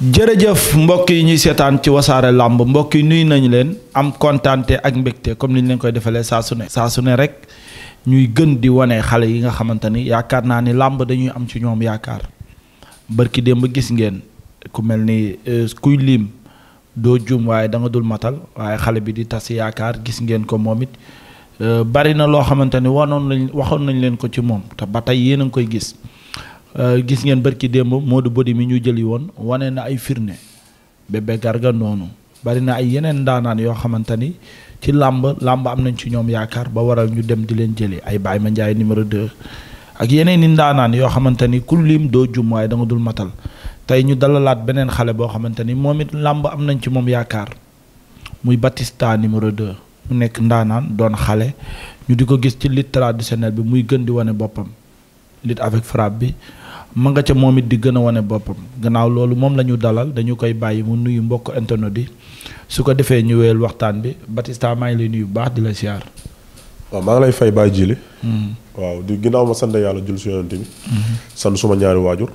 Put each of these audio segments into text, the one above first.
jërëjëf mbokk yi ñuy seetaan ci wasaare làmb mbokk yi nuyu nañu leen am kontaante ak mbégte comme ni ñu leen koy defalee saa su ne saa sune ne rek ñuy gën di wane xale yi nga xamante ni yaakaar naa ni làmb dañuy am ci ñoom yaakaar barki démb gis ngeen ku mel ni euh, kuy liim doo juum waaye da dul matal waaye xale bi di tas yaakaar gis ngeen ko moom it euh, bari na loo xamante ni wanoon lañ waxoon nañ leen ko ci moom te ba tey yéen a ngi koy gis. Euh, gis ngeen barki démb Modou Bodi mi ñu jëli woon wane na ay firne Bébé Garga noonu bari na ay yeneen ndaanaan yoo xamante ni ci làmb làmb am nañ ci ñoom yaakaar ba waral ñu dem di leen jëli ay Baye Ma Ndiaye numéro 2 ak yeneen i ndaanaan yoo xamante ni ku lim doo jum waaye da dul matal tey ñu dalalaat beneen xale boo xamante ni moom it làmb am nañ ci moom yaakaar muy Batista numéro 2 mu nekk ndaanaan doon xale ñu di ko gis ci lutte traditionnelle bi muy gën di wane boppam lutte bi. ma nga ca moom it di gën a wane boppam gannaaw loolu moom la ñu dalal dañu koy bàyyi mu nuyu mbokk internet bi su ko defee ñu wéyal waxtaan bi Batista maa ngi lay nuyu baax di la siyaar. waaw maa ngi lay fay Baye Jili. Hmm. waaw di ginnaaw ma sant yàlla jul si yonent bi. Hmm. sant suma ñaari waajur.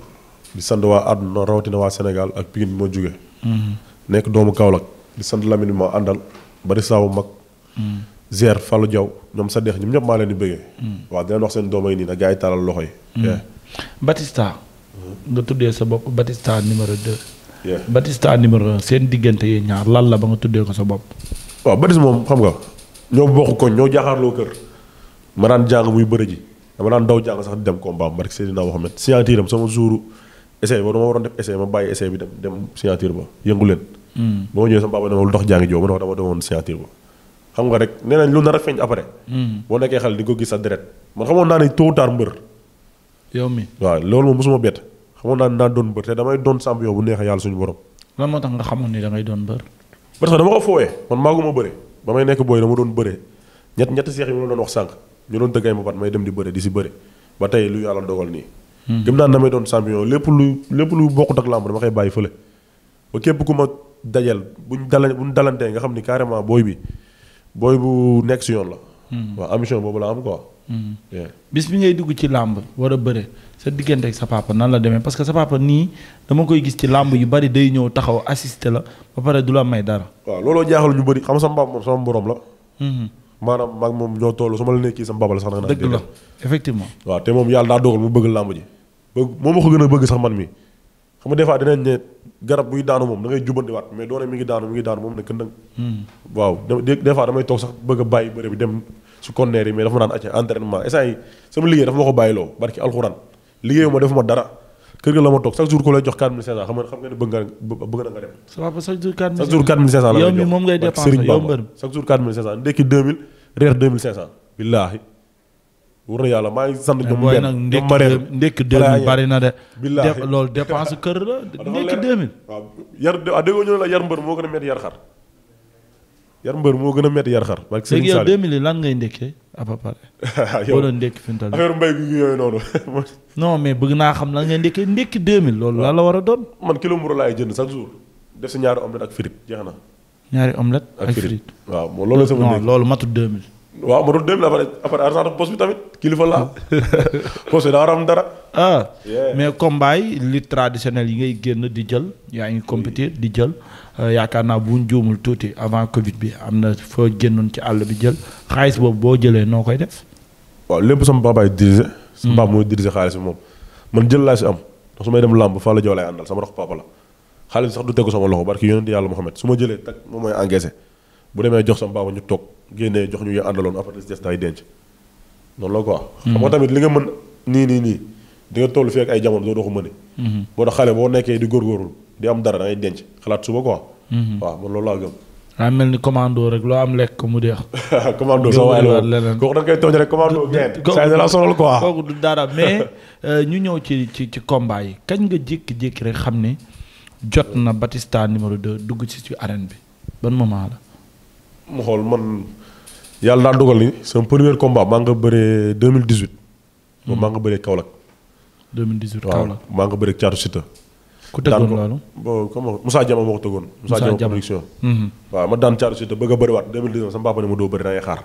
di sant waa àdduna rawatina waa Sénégal ak Pikine bi ma jóge hmm. nekk doomu Kaolack di sant Lamine bi ma àndal Batista bu mag. Zier Fallou Diaw ñoom sa deex ñoom ñëpp maa leen di bëggee. waaw di leen wax seen doom yi loxo yi. Batista. nga tuddee sa bopp Batista numéro de Batista numéro 1 seen diggante yi ñaar lan la ba nga tuddee ko sa bopp. waaw Batista moom xam nga ñoo bokk koñ ñoo jaaxaarloo kër ma daan jàng muy bëre ji dama daan daw jàng sax di dem combat barke Seydina Mohamed signature am sama ba dama waroon def essai ma bàyyi essai bi dem dem signature ba yëngu leen. Hmm. ba ma ñëwee sama papa ne ma lu tax jàngi joo dama demoon signature ba. xam nga rek nee nañ lu nar a feeñ après. Hmm. boo nekkee xale di ko gis sa deret man xamoon naa ne tôt ou yow mi waaw loolu moom mosuma bett xamoon naa ne daan doon mbër te damay doon champion bu neexee yàlla suñu borom. lan moo tax nga xamoon ni da doon mbër. parce que dama ko fooyee man maaguma bëre ba nekk booy dama doon bëre ñett seex yi ma doon wax sànq ñu doon tëgg ay mbapat may dem di bëre di si bëre ba tey lu yàlla dogal nii. Hmm. gëm naa damay doon champion lépp lu lépp lu bokkut ak làmb dama koy bàyyi fële ba képp ku ma dajal buñ dala buñ dalantee nga xam ni carrément booy bi booy bu nekk si yoon la Mm. waaw ambition boobu la am quoi. Mm. bis bi ngay dugg ci làmb war a bëre sa diggante ak sa papa nan la demee parce que sa papa nii dama koy gis ci làmb yu bari day ñëw taxaw assister la ba pare du la may dara. waaw looloo jaaxal ñu bëri xam sama papa moom sama borom la. Mm-hmm. maanaam maag moom ñoo toll su ma la nekkee sama papa la sax na. dëgg la effectivement. waaw te moom yàlla daa dogal mu bëgg làmb ji. bëgg moom ma ko gën a bëgg sax man mi xam nga da ngay jubandiwaat mais doone mi ngi daanu mm. a su conneer yi mais dafa ma daan acca entraînement instant sama liggéey dafa ma ko bàyyiloo barki alxuraan liggéeyu defuma dara kër la ma toog chaque jour ko lay jox 4500 xam nga xam nga ne bëgg nga bëgg na nga dem chaque jour 4500 chaque jour billaahi wër na yàlla maa ngi sant ñoom benn nag ndekk ndekk 2000 bari na de loolu dépense kër la ndekk 2000 waaw yar ah, déggoo ñu la yar mbër moo gën a metti yar xar yar mbër moo gën a métti yar xar. barke Serigne Saliou léegi yow lan ngay ndekkee à peu ah, boo doon ndekki fi mu toll affaire mbay gi yooyu noonu. non mais bëgg naa xam lan ngay ndekkee ndekki 2000 loolu lan la war a doon. man kilo mburu laay jënd chaque jour def sa ñaari omelette ak frite jeex na. ñaari omelette ak frite waaw loolu sama ndekki non loolu matut mil waaw ma doon dem la après après argent poste bi tamit kilifa laa poste bi daa war am dara. Ah, mais combat yi li traditionnel yi ngay génn di jël yaa ngi compétir di jël euh, yaakaar naa bu ñu tuuti avant Covid bi am na foo génnoon ci àll bi jël xaalis boobu boo jëlee noo koy def. waaw lépp sama babaay dirigé. sama baab hmm. mooy dirigé xaalis bi moom man jël laa si am ndax su may dem làmb fa la jow lay àndal sama rox papa la xaalis bi sax du tegu sama loxo yàlla Muhammad su ma jëlee tak moom mooy encaissé bu demee jox sama baaba ñu toog. génnee jox ñu ñu àndaloon après des naa denc noonu la quoi. Hmm. xam nga tamit li nga mën nii nii nii di nga toll fii ak ay jamono doo doo ko mëne. Hmm. boo tax xale boo nekkee di góorgóorlu di am dara da ngay denc xalaat suba quoi. Hmm. waaw man loolu laa gëm. daa mel ni commando rek loo am lekk mu deex. commando sa waay la leneen kooku da nga koy tooñ rek ko saa la sonal quoi du dara mais euh, ñu ñëw ci ci ci combat yi kañ nga jékki-jékki rek xam ne jot na Batista numéro 2 dugg ci ci arène bi ban moment la. mu xool man yàlla daa dogal ni sa premier combat maa nga bëree 2018. moom hmm. maa nga bëree Kaolack. 2018 maa nga bëree Thiatou Sita. ku tëggoon loolu daan ko Moussa moo ko tëggoon. Moussa Diama production. Hmm. waaw ma daan Thiatou Sita a bëriwaat 2019 sama papa ne ma doo bëri da ngay xaar.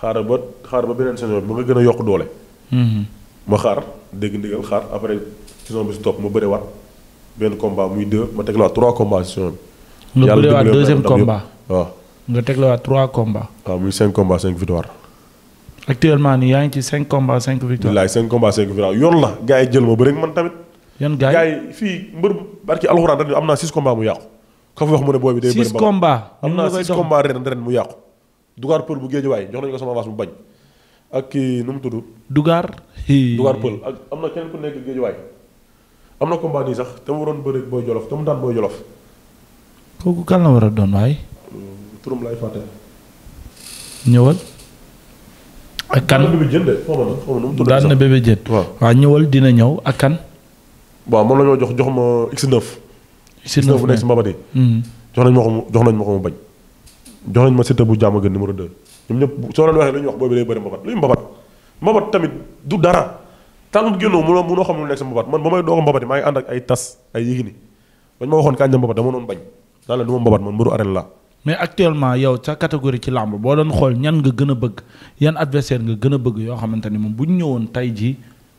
xaaral ba xaaral ba beneen saison bi ba nga gën a yokk doole. Hmm. ma xaar dégg ndigal xaar après saison bi si topp ma bëriwaat benn combat muy deux ma teg la trois combats saison bi. yàlla deuxième combat nga teglewaat trois combats. waaw muy cinq combats cinq victoire. actuellement nii yaa ngi ci cinq combats cinq victoire. bilaay cinq yoon la gars yi jël ma ba man tamit. yan gars yi gars yi fii mbër barki alxuraan dañu am naa six combats mu yàqu. ka fa wax mu ne booy bi day ba combats am naa six combats ren ren mu yàqu. Dugar Pël bu géej waay jox nañu ko sama avance mu bañ. ak kii nu mu tudd. Dugar. Dugar Pël ak am na keneen ku nekk géej am na combat nii sax te mu waroon bëri booy jolof te mu daan a doon turum lay fàtte. ñëwal. ak kan daan na bébé jën waaw waaw ñëwal dina ñëw ak kan. waaw moom la ñoo jox jox ma X9. X9 bu nekk si mbabat yi. Mm-hmm. jox nañ ma ko mu jox nañ ma ko ma Siteu bu jàmm gën numéro 2. ñoom ñëpp soo leen waxee lu ñuy wax boobu day bëri mbabat luy mbabat. mbabat tamit du dara. tànnut génnoo mënoo mënoo xam lu nekk si mbabat man ba may doog a mbabat yi maa ngi ànd ak ay tas ay yéegi ni bañ ma waxoon kañ la mbabat dama noon bañ daal la du mbabat man mbëru arène la mais actuellement yow sa catégorie ci làmb boo doon xool ñan nga gën a bëgg yan adversaire nga gën a bëgg yoo xamante ni moom bu ñu ñëwoon tey jii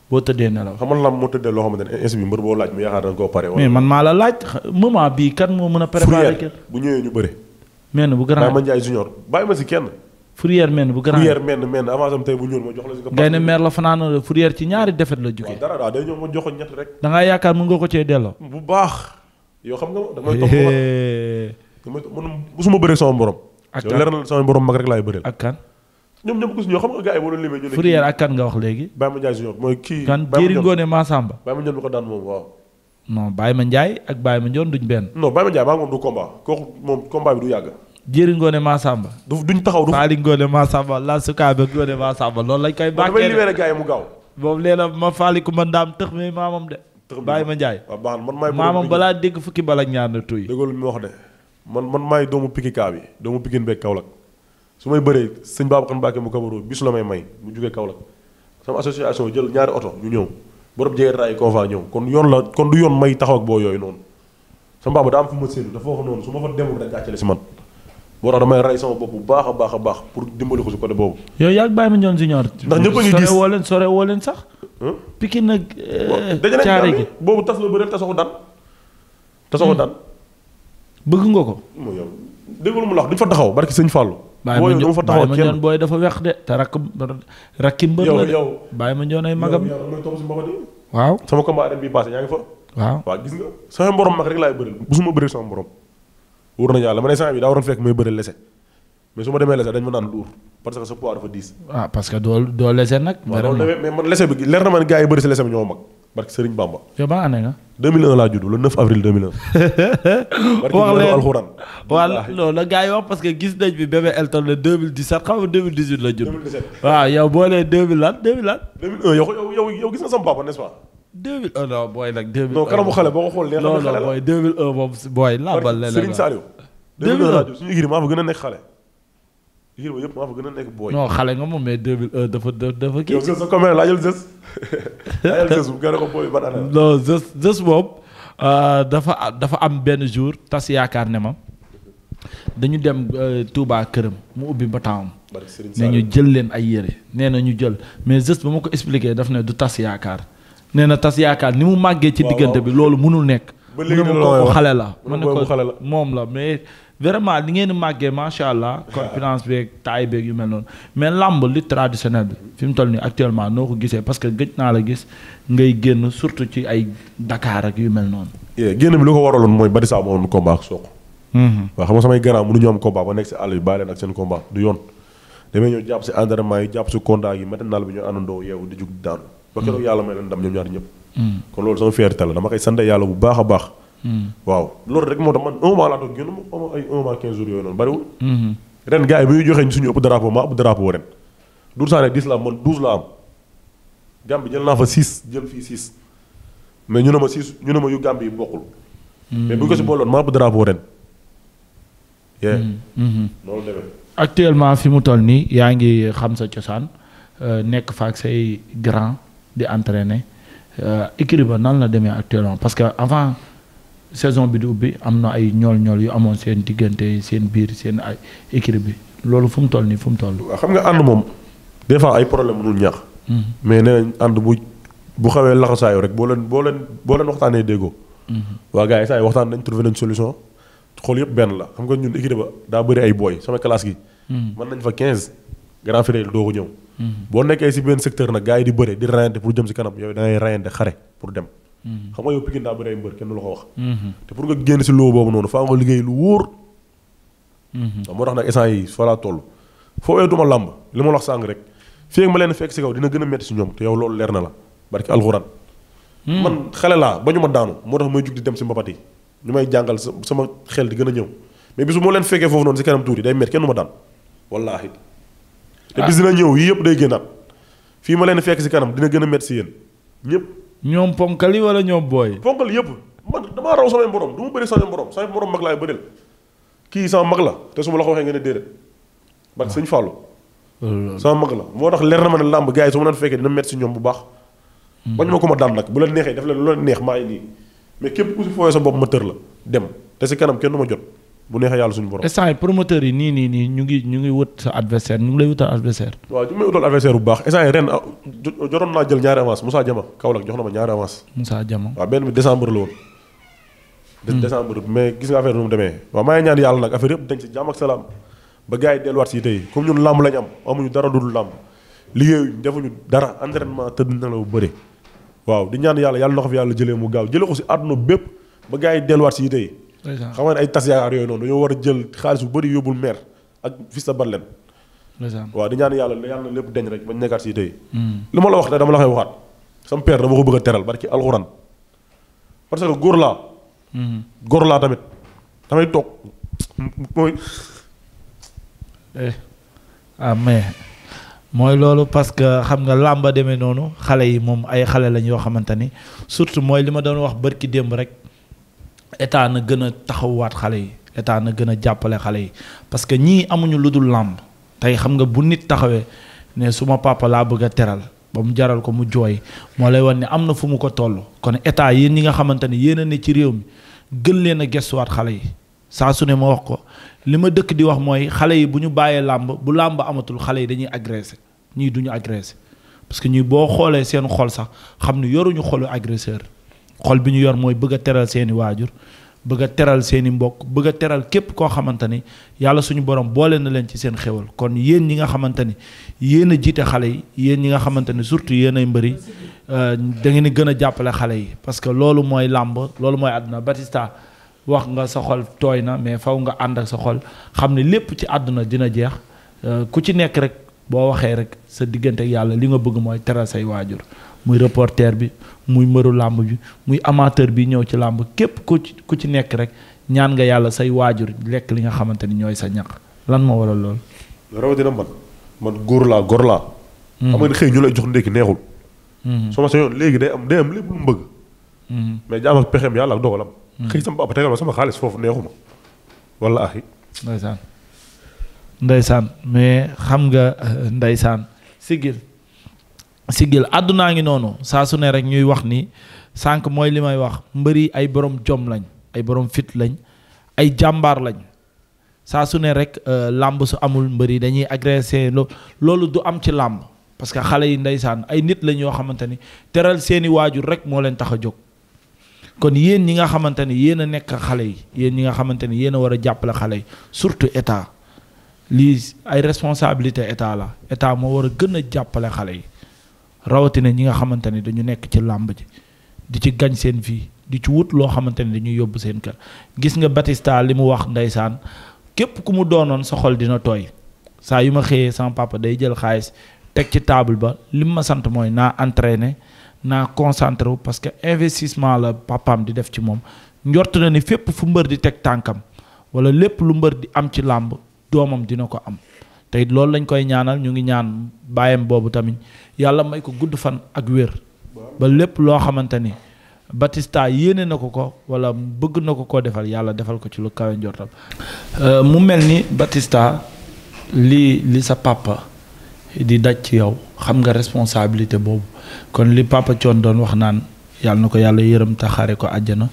boo tëddee nelaw. xam nga làmb moo tëddee loo xamante ne instant bi mbër boo laaj mu yaakaar da nga koo bii kan moo mën a. préparer kenn ma Ndiaye junior bàyyi ma si kenn. Fourière men bu grand Fourière men men avance bu ñuul ma jox la si. ngay ne meer ko ñett rek. da ngaa yaakaar mën nga ko cee delloo. bu baax yoo xam nga damay topp man musuma bëre sama borom. ak kan leer na sama borom mag rek laay bëreel. ak kan. ñoom ñëpp gis ñoo xam nga ak kan nga wax léegi. Baye Ma Ndiaye si ñoom mooy kii. kan Jéeri Ngoone Massamba. Baye Ma ko daan moom waaw. non Ma Ndiaye ak Baye Ma Ndione duñ benn. non Baye Ma Ndiaye la Sukaabe Ngoone Massamba loolu lañ koy. bàqee damay libéré gars yi mu gaaw. boobu nee na ma ma ndaam tëx mi maamam de. tëx mi maamam Baye balaa dégg fukki bala ñaar na tuuy. man man maay doomu pikikaa bi doomu pikin beeg Kaolack su may bëree sëñ Babacar Mbacke mu kabaroo bis la may may mu jugee Kaolack sama association jël ñaari oto ñu ñëw borom jege raay convent ñëw kon yoon la kon du yoon may taxaw boo yooyu noonu sama baaba daa ma séenu dafa wax noonu su ma fa demul rek si man boo tax damay rey sama bopp bu baax a baax a baax pour dimbali ko si côté boobu. yow yaa ngi bàyyi ma ñoon si ñaar. ndax ñëpp a ngi gis sore woo leen sax. Pikine nag. Euh, caare gi boobu tas la bëre tasoo ko daan tasoo ko hmm. daan bëgg nga ko. déggoo mu lax duñ fa taxaw barki sëñ Fallou. booy ma fa taxaw bàyyi ma booy dafa wex de te rakk rakki mbër la de bàyyi ma ñoon ay magam. sama combat ren gis nga sama borom mag rek laay bëril busuma bëril sama borom. wóor daa waroon fekk may bëril lese mais su ma demee lese dañ ma naan luur parce que sa poids dafa diis. ah doo lese nag. mais man lese bi leer na ma ne yi bëri si lese bi ñoo mag barke Serigne Bamba. yow ban année nga. 2001 laa judd le 9 avril 2001. wax leen alxuraan. waaw la gars yi wax parce que gis nañ bi bébé Elton le 2017 xam nga 2018 la judd. 2017 waaw yow boo nee 2000 lan 2000 lan. 2001 yow yow yow gis nga sama papa n'est-ce pas. 2001 non booy nag. 2001 non kanamu xale boo ko la non la suñu équipe fa gën a nekk xale. yéen ba yëpp maa fa gën a nekk booy. non xale nga moom mais 2001 euh, dafa dafa kii. yow Zos sa commune boobu dafa dafa am benn jour tas yaakaar ne ma dañu dem euh, Touba këram mu ubbi ba taawam. ne ñu jël leen ay yére nee na ñu jël mais Zos ba ma ko expliqué daf na du tas yaakaar nee na tas yaakaar ni mu màggee. ci diggante bi loolu mënul nekk. ba léegi ko xale la. ma ne ko moom la mais. vraiment li ngeen di màggee macha allah. confidence beeg taay beeg yu mel noonu. mais làmb li traditionnel bi fi mu toll nii actuellement noo ko gisee parce que gëj naa la gis ngay génn surtout ci ay Dakar ak yu mel noonu. génn bi lu ko waraloon mooy bari saa amoon combat ak soq. Mhm. waaw xam nga samay grand mënuñu am combat ba nekk si àll bi bàyyi leen ak seen combat du yoon. damay ñëw jàpp si entraînement yi jàpp si contact yi matinal bi ñu àndandoo di jug daanu. ba mhm. yàlla may leen ndam ñoom ñaar ñëpp. Mhm. kon loolu bu baax a baax Hmm. waaw loolu rek moo tax man un mois laa toog génn ma xaw ma ay un mois quinze jours yooyu noonu bëriwul. Hmm. ren gars yi bu ñu joxee suñu ëpp drapeau ma ëpp drapeau ren. la am man douze jël mais ñu ne ñu ne ma yu Gambie yi bokkul. Hmm. mais bu ñu si actuellement fi mu toll nii yaa ngi xam sa cosaan euh, nekk fa ak say grand di entraîner euh, écurie ba nan la demee actuellement parce que avant. saison bi di ubbi am na ay ñool-ñool yu amoon seen diggante seen biir seen ay équipe bi loolu fu mu toll nii fu mu toll. xam nga ànd moom des fois ay problème mënul ñaax. Hmm. mais nee nañ ànd bu bu xawee laxasaayu rek boo leen boo leen boo leen waxtaanee déggoo. Hmm. waa gars yi saa yi waxtaan nañ trouvé nañ solution xool yëpp benn la xam nga ñun équipe ba daa bëri ay booy sama classe gi. Hmm. mën nañ fa 15 grand frère doo ko ñëw. boo nekkee si benn secteur nag gars yi Mhm. xam nga yow Pikine daa bëri ay mbër kenn lu ko wax. Mhm. te pour nga génn si loo boobu noonu faa nga liggéey lu wóor. Mhm. moo tax nag essence yi fa laa toll. foo weesu du ma làmb li ma wax sàng rek fii ma leen fekk si kaw dina gën a métti si ñoom te yow loolu leer na la barki alxuraan. man ba ma daanu moo tax may jug dem si mbapat yi may jàngal sama xel a ñëw mais bisu moo leen fekkee foofu noonu si kanam tuuti day métti kenn du ma daan wallaahi. te ah. bis dina ñëw yii yëpp day génnaat fii ma leen fekk si kanam dina gën a métti si yéen ñëpp ñoom ponkali wala ñoom booy. ponkali yëpp man damaa raw samay morom du ma bëri samay morom samay morom mag laay bëril kii sama mag la te su ma la ko waxee nga ne déedéet. bat suñ Fallou. Euh, sama mag la moo tax leer na ma ne làmb gars yi su ma doon fekkee dina métti si ñoom bu baax. Hmm. bañ ma ko ma daan nag bu la neexee def leen lu la neex maa ngi nii mais képp ku si fooyee sa bopp ma tër la dem te si kanam kenn du ma jot. bu neexee yàlla suñu borom. instant yi promoteurs yi nii nii nii ñu ngi ñu ngi wut sa adversaire ñu ngi lay wutal adversaire. waaw ñu ngi may wutal adversaire bu baax instant yi ren ah, jotoon naa jël ñaari avance Moussa Diama Kaolack jox na ma ñaari avance. Moussa Diama waaw benn bi décembre la woon. Hmm. décembre mais gis nga affaire nu mu demee. waaw maa ñaan yàlla nag affaire yëpp dañ ci jàmm ak salaam ba gars yi delluwaat si tey comme ñun làmb lañ am amuñu dara dul làmb liggéeyuñ defuñu dara entraînement tëdd na la bëri waaw di ñaan yàlla yàlla na ko yàlla jëlee mu gaaw jëlee ko si àdduna bépp ba gars yi delluwaat si tey xam nga ay tas yaakaar yooyu noonu dañoo war a jël xaalis bu bëri yóbbul maire ak Fils de Batlen waaw di ñaan yàlla yàlla lépp deñ rek bañ nekkaat si tey hmm. li ma la wax dama la koy waxaat sama père dama ko bëgg a teral barki alxuraan parce que góor laa hmm. góor laa tamit damay toog mooy eh, ah, mais mooy loolu parce que xam nga làmba demee noonu xale yi moom ay xale lañ yoo xamante ni surtout mooy li ma doon wax bërki démb rek état na gën a taxawaat xale yi état na gën a jàppale xale yi parce que ñii amuñu lu dul làmb tey xam nga bu nit taxawee ne suma papa laa bëgg a teral ba mu jaral ko mu jooy moo lay wan ni am na fu mu ko toll kon état yéen ñi nga xamante ni yéen a ne ci réew mi gën leen a gestuwaat xale yi saa su ne ma wax ko li ma dëkk di wax mooy xale yi bu ñu bàyyee làmb bu làmb amatul xale yi dañuy agressé ñii duñu agressé parce que ñii boo xoolee seen xol sax xam ne yoruñu xolu agresseur xol bi ñu yor mooy bëgg teral seeni waajur bëgg a teral seeni mbokk bëgg a teral képp koo xamante ni yàlla suñu borom boole na leen ci seen xéwal kon yéen ñi nga xamante ni yéen a jiite xale yi yéen ñi nga xamante ni surtout yéen ay mbëri euh, da ngeen di gën a jàppale xale yi parce que loolu mooy làmb loolu mooy àdduna Batista wax nga sa xol tooy na mais faw nga ànd ak sa xol xam ne lépp ci àdduna dina jeex euh, ku ci nekk rek. boo waxee rek sa diggante yàlla li nga bëgg mooy teral say waajur muy reporter bi muy mbëru làmb bi muy amateur bi ñëw ci làmb képp ku ci ku ci nekk rek ñaan nga yàlla say waajur lekk li nga xamante ni ñooy sa ñax lan moo waral lool. rawatina man man góor laa góor laa. Hmm. xam nga xëy ñu lay jox ndékki neexul. Hmm. soo ma yoon léegi day am day am lépp lu mu bëgg. Hmm. mais jaam pexeem yàlla ak dogalam. xëy sama papa tegal ma sama xaalis foofu neexuma wala ahi. ndeysaan. ndeysaan mais xam nga euh, ndeysaan sigil sigil àddunaa ngi noonu saa su ne rek ñuy wax ni sànq mooy li may wax mbëri ay borom jom lañ ay borom fit lañ ay jàmbaar lañ saa su ne rek euh, làmb su amul mbëri dañuy agressé loolu du am ci làmb parce que xale yi ndeysaan ay nit lañ yoo xamante ni teral seeni waajur rek moo leen tax a jóg kon yéen ñi nga xamante ni yéen a nekk xale yi yéen ñi nga xamante ni yéen a war a jàppale xale yi surtout état lii ay responsabilité état la état moo war a gën a jàppale xale yi rawatina ñi nga xamante ni dañu nekk ci làmb ji di ci gañ seen vie di ci wut loo xamante ni dañuy yóbbu seen kër gis nga Batista li mu wax ndeysaan képp ku mu doonoon sa xol dina tooy saa yu ma xëyee sama papa day jël xaalis teg ci table ba li mu ma sant mooy naa entraîner naa concentré wu parce que investissement la papaam di def ci moom njort na ni fépp fu mbër di teg tànkam wala lépp lu mbër di am ci làmb doomam dina ko am tey loolu lañ koy ñaanal ñu ngi ñaan baayam boobu tamit yàlla may ko gudd fan ak wér ba lépp loo xamante ni Batista yéene na ko ko wala bëgg na ko koo defal yàlla defal ko ci lu kawe njortam euh, mu mel ni Batista li li sa papa di daj ci yow xam nga responsabilité boobu kon li papa coon doon wax naan yàlla na ko yàlla yërëm taxaare ko àjjana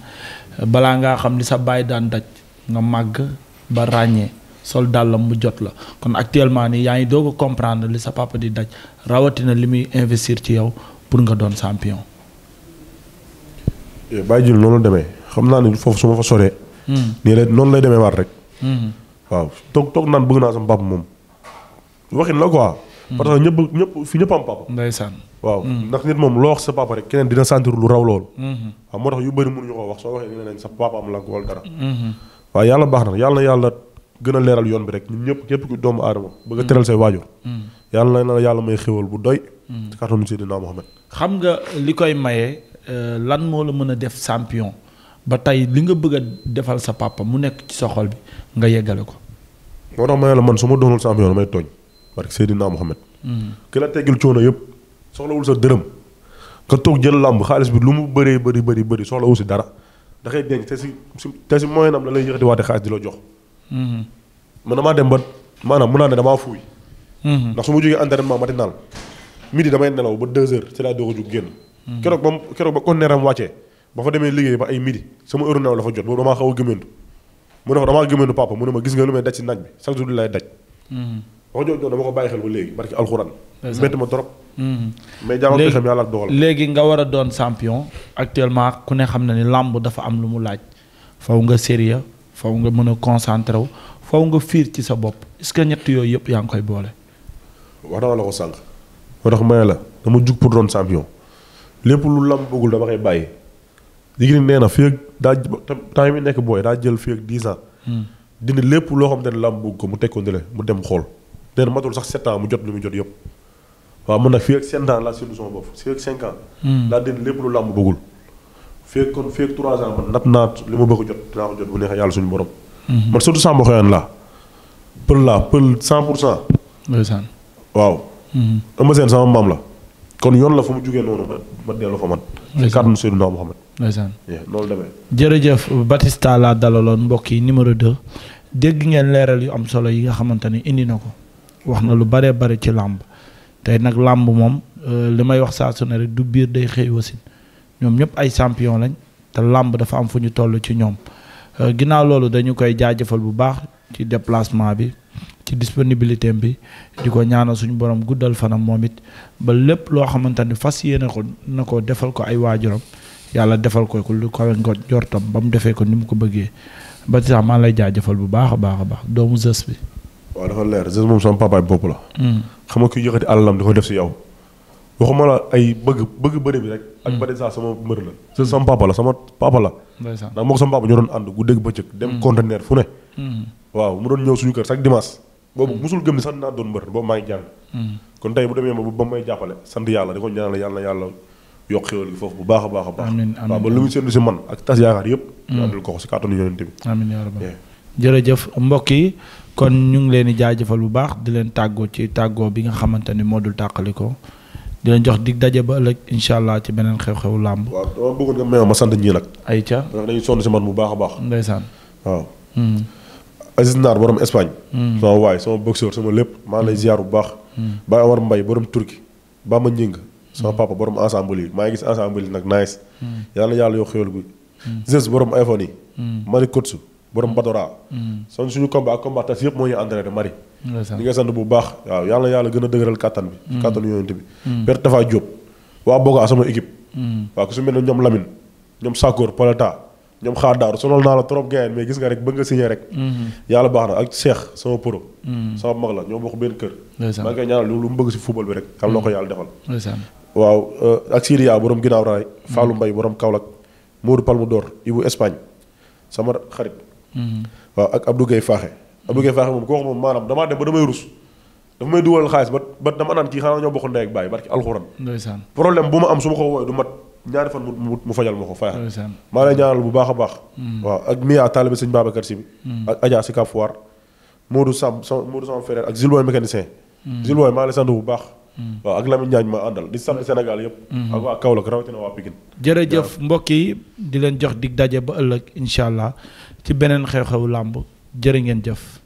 balaa ngaa xam li sa baay daan daj nga màgg ba ràññee sol dàllam mu jot la kon actuellement nii yaa ngi doog a comprendre li sa papa di daj rawatina li muy investir ci yow pour nga doon champion. Eh, bàyyi jul noonu la demee xam naa ne foofu su ma fa soree. Hmm. nii la noonu lay demee waat rek. Hmm. waaw toog toog naan bëgg naa sama papa moom waxin la quoi. Hmm. parce que ñëpp ñëpp fi ñëpp am papa. ndeysaan. waaw ndax nit moom loo wax sa papa rek keneen dina sentir lu raw loolu. waaw moo tax yu bëri mënuñu ko wax soo waxee ñu ne leen sa papa am la wala dara. waaw yàlla baax na yàlla gën a leeral yoon bi rek ñun ñëpp képp ku doomu aadama bëgg a mm. teral say waajur mm. yàlla na la yàlla may xewal bu doy mm. ci kàttanu Seydina Mohamed xam nga li koy maye euh, lan moo la mën a def champion ba tey li nga bëgg a defal sa pàppa mu nekk ci sa bi nga yeggale ko moo tax ma la man su ma doonul champion damay tooñ parce que Seydina Mohamed ki la teggil coono yëpp soxlawul sa dërëm nga toog jël làmb xaalis bi lu mu baree bari bëri bëri soxlawul si dara da koy denc te si te si la lay yëkkati waate xaalis di la jox man maa dem ba maanaam mun naa ne damaa fuuy. ndax su ma jógee entraînement matinal midi damay nelaw ba 2 heures ci laa doog a jug génn. keroog ba keroog ba kon neeram wàccee ba fa liggéey ba ay midi sama heure nelaw la fa jot boobu damaa xaw a gëmëntu mu ne ko damaa gëmëntu papa mu ne nga lu may daj si naaj bi chaque jour lay daj. wax jooju dama ko bàyyi xel ba léegi barki alxuraan. métti ma trop. Mhm. mais jaamono pexe yàlla dogal léegi nga war a doon champion actuellement ku ne xam na ni làmb dafa am lu mu laaj. faw nga sérieux faw nga mën a concentré wu faw nga fiir ci sa bopp est ce ñett yooyu yëpp yaa ngi koy boole. wax na la ko sànq. moo tax ma la dama jug pour doon champion lépp lu lam bëggul dama koy bàyyi. Yékini na fii ak daa temps yi nekk booy daa jël fii ak 10 hmm. loo xam ne lam bëgg ko mu teg ko ndële mu dem xool. nee na matul sax 7 mu jot li mu jot yëpp. waaw man nag fii ak 7 laa séntu sama bopp fii ak 5 ans. Hmm. dindi lépp lu lam bëggul. feeg kon feeg 3 ans man nat naa li ma bëgg jot dinaa ko jot bu neexee yàlla suñu borom. man surtout Samba Xoyane laa. pël laa pël 100 pour cent. ndeysaan. waaw. Mhm. Eumeu sama maam la. kon yoon la fa mu jugee noonu man man delloo fa man. ndeysaan ci kàddu Seydina loolu demee. jërëjëf Batista laa dalaloon mbokk yi numéro 2 dégg ngeen leeral yu am solo yi nga xamante ni indi na ko wax na lu baree bare ci làmb tey nag làmb moom euh, li may wax saa su ne rek du biir day xëy wasin ñoom ñëpp ay champion lañ te làmb dafa am fu ñu toll ci ñoom euh, ginnaaw loolu dañu koy jaajëfal bu baax ci déplacement bi ci disponibilité bi di ko ñaanal suñu borom guddal fanam moom it ba lépp loo xamante ni fas yéene ko na ko defal ko ay waajuram yàlla defal ko ku lu kawe ko jortam ba mu defee ko ni mu ko bëggee ba ci sax maa lay jaajëfal bu baax a baax a baax doomu Zeus bi. waaw dafa leer Zeus moom sama papaay bopp la. Hmm. xam nga kuy yëkkati alalam def si yow. waxuma la ay bëgg bëgg bëri bi rek. ak hmm. bëri saa sama mbër la. te sama papa la sama papa la. ndax moom sama papa ñu doon ànd guddeeg bëccëg. dem hmm. conteneur fu ne. Hmm. waaw mu doon ñëw suñu kër chaque dimanche. boobu musul gëm ni sax naa doon mbër boobu maa ngi jàng. kon tey bu demee ba may jàppale sant yàlla di ko ñaanal yàlla yàlla yokk xéwal gi foofu bu baax a baax a baax. waaw ba lu mu séntu si man ak tas yaakaar yëpp. ñu àndal ko si kàttanu yonent bi. amiin yaa rabbi jërëjëf mbokk yi kon ñu ngi leen di jaajëfal bu baax di leen tàggoo ci tàggoo bi nga xamante ni moo dul tàqali ko di leen jox dig daje ba ëllëg incha allah ci beneen xew-xewu làmb. waaw dama bëggoon nga may ma sant ñii nag. ayca ndax dañuy sonn si a baax. ndeysaan waaw. Hmm. Aziz Naar borom Espagne. Hmm. sama waay sama boxeur sama lépp maa lay hmm. ziar bu baax. Baye Omar Mbaye borom Turki ba ma ñëng sama papa borom ensemble maa ngi gis ensemble yi nag nice. yàlla yàlla yoo xéwal gu. Zeus borom iPhone yi. Mari Kotsu. borom Badora. Mm. son suñu combat ak combat tas yëpp moo ñu entraîné Marie. ñu ngi sant bu baax waaw yàlla yàlla gën a dëgëral kattan bi. Mm. kattanu yonent bi. Mm. Père Tafa Diop waa Boga sama équipe. waaw ku su mel ne ñoom Lamine ñoom Sakkoor Palata ñoom xaar daaru sonal naa la trop gayen mais gis nga rek bëgg nga signé rek mm-hmm. yàlla baax na ak Cheikh sama pro sama mag la ñoo bokk benn kër maa ngi koy ñaanal lu mu bëgg si football bi rek xam loo ko yàlla defal Mm-hmm. waaw ak Abdou Gueye Faaxe Abdou Gueye Faaxe moom ko wax moom maanaam damaa dem ba damay rus dafa may dugalal xaalis ba ba dama naan kii xanaa ñoo bokk ndey ak bàyyi barki alxuraan ndeysaan problème bu ma am su ma ko woowee du mat ñaari fan mu mu fajal ma ko faya maa lay ñaanal bu baax a baax mm-hmm. waaw ak Mia taalibe sëñ Babacar Si bi mm-hmm. ak Adja si Cap Foire Modou Sam Modou Sam Ferrer ak Zilboy mécanicien Zilboy maa lay sant bu baax waaw ak Lamine Diagne ma àndal di sant Sénégal di leen jox dig daje ci beneen xew xew làmb jërë ngeen jëf